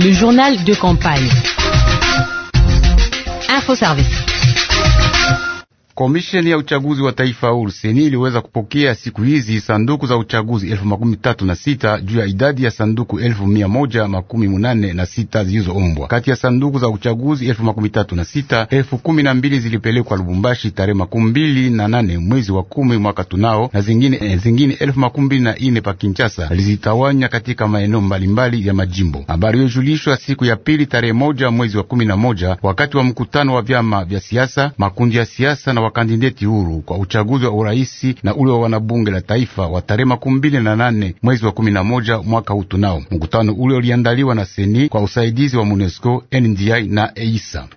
le journal de campagne. Info Service. Komisheni ya uchaguzi wa taifa huru seni iliweza kupokea siku hizi sanduku za uchaguzi elfu makumi tatu na sita juu ya idadi ya sanduku elfu mia moja makumi munane na sita zilizoombwa. Kati ya sanduku za uchaguzi elfu makumi tatu na sita elfu kumi na mbili zilipelekwa Lubumbashi tarehe makumi mbili na nane mwezi wa kumi mwaka tunao, na zingine eh, zingine elfu makumi mbili na ine pa Kinshasa lizitawanya katika maeneo mbalimbali ya majimbo. Habari yojulishwa siku ya pili tarehe moja mwezi wa kumi na moja wakati wa mkutano wa vyama vya siasa makundi ya siasa na wakandideti huru kwa uchaguzi wa uraisi na ule wa wanabunge la taifa wa tarehe makumi mbili na nane mwezi wa kumi na moja mwaka utunao. Mkutano ule uliandaliwa na seni kwa usaidizi wa MONUSCO, NDI na EISA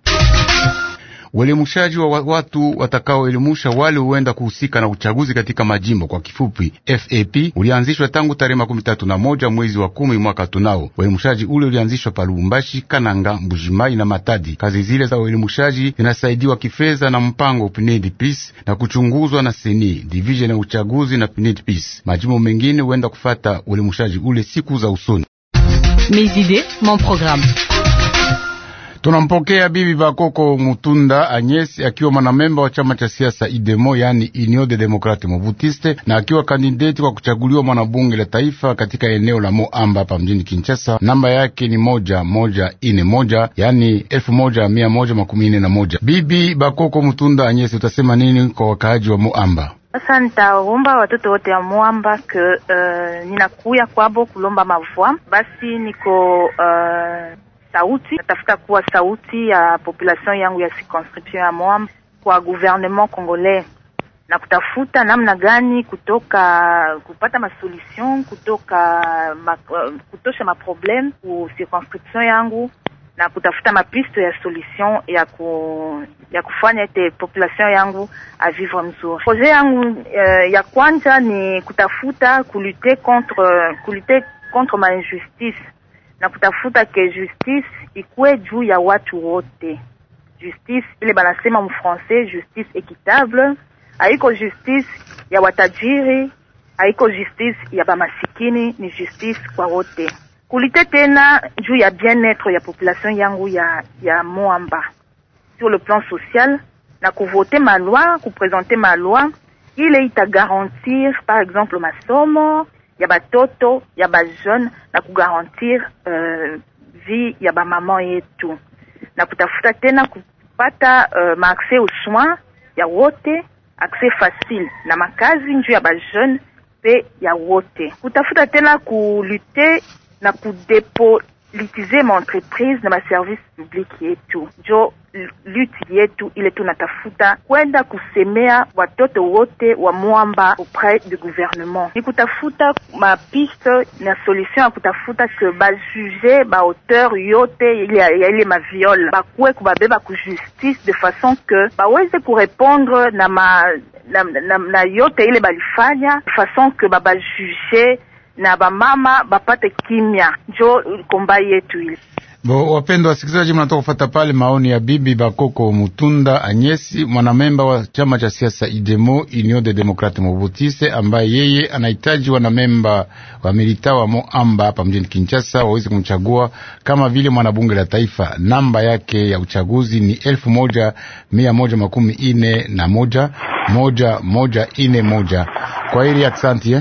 uelimushaji wa watu watakaoelimusha wale huenda kuhusika na uchaguzi katika majimbo, kwa kifupi FAP, ulianzishwa tangu tarehe makumi tatu na moja mwezi wa kumi mwaka tunao. Uelimushaji ule ulianzishwa pa Lubumbashi, Kananga, Mbujimai na Matadi. Kazi zile za uelimushaji zinasaidiwa kifedha na mpango Pinedi Peace na kuchunguzwa na Seni Division ya uchaguzi na Pinedi Peace. Majimbo mengine huenda kufata uelimushaji ule siku za usoni. Mes idées, mon programme Tunampokea Bibi Bakoko Mutunda Anyesi akiwa mwanamemba wa chama cha siasa Idemo, yani Union de Democrate Mobutiste, na akiwa kandideti kwa kuchaguliwa mwanabunge la taifa katika eneo la Moamba hapa mjini Kinshasa. Namba yake ni moja moja ine moja, yani elfu moja mia moja makumi ine na moja. Bibi Bakoko Mutunda Anyesi, utasema nini kwa wakaaji wa Moamba? Sasa nitaomba watoto wote wa Mwamba ke uh, ninakuya kwabo kulomba mavua basi niko uh, sauti, natafuta kuwa sauti ya population yangu ya circonscription ya Moam kwa gouvernement congolais na kutafuta namna gani kutoka kupata masolution kutoka ma, euh, kutosha maprobleme ku circonscription yangu na kutafuta mapisto ya solution ya ku, ya kufanya ete population yangu avivre mzuri. Projet yangu euh, ya kwanza ni kutafuta kulute contre euh, kulute contre ma injustice na kutafuta ke justice ikuwe juu ya watu wote, justice ile banasema français, justice equitable. Haiko justice ya watajiri, haiko justice ya bamasikini, ni justice kwa wote. Kulite tena juu ya bien être ya population yangu ya ya Moamba sur le plan social na kuvote maloi kupresente loi ile ita garantir par exemple masomo ya batoto ya bajeune na kugarantir uh, vi ya bamama yetu na kutafuta tena kupata uh, maakse usoin ya wote akse facile na makazi njuu ya bajeune mpe ya wote kutafuta tena kulute na kudepo l'utiliser mon entreprise na tout tout yetu jo yetu ile tunatafuta kwenda kusemea watoto wote wa mwamba auprès du gouvernement, ni kutafuta mapiste na solution ya kutafuta ke bajuge baauteur yote ya ile bakuwe kubabeba ku justice de façon que baweze répondre na, ma, na, na, na yote ile balifanya de façon que babajuge na bamama bapate kimya, njo kombai yetu ile. Bo, wapendwa wasikilizaji, mnatoka kufata pale maoni ya bibi Bakoko Mutunda Anyesi, mwanamemba wa chama cha siasa Idemo Union de Democrate Mobutise, ambaye yeye anahitaji wanamemba wa milita wa Moamba hapa mjini Kinshasa waweze kumchagua kama vile mwanabunge la taifa. Namba yake ya uchaguzi ni elfu moja mia moja makumi ine na moja moja moja ine moja. Kwa hili aksanti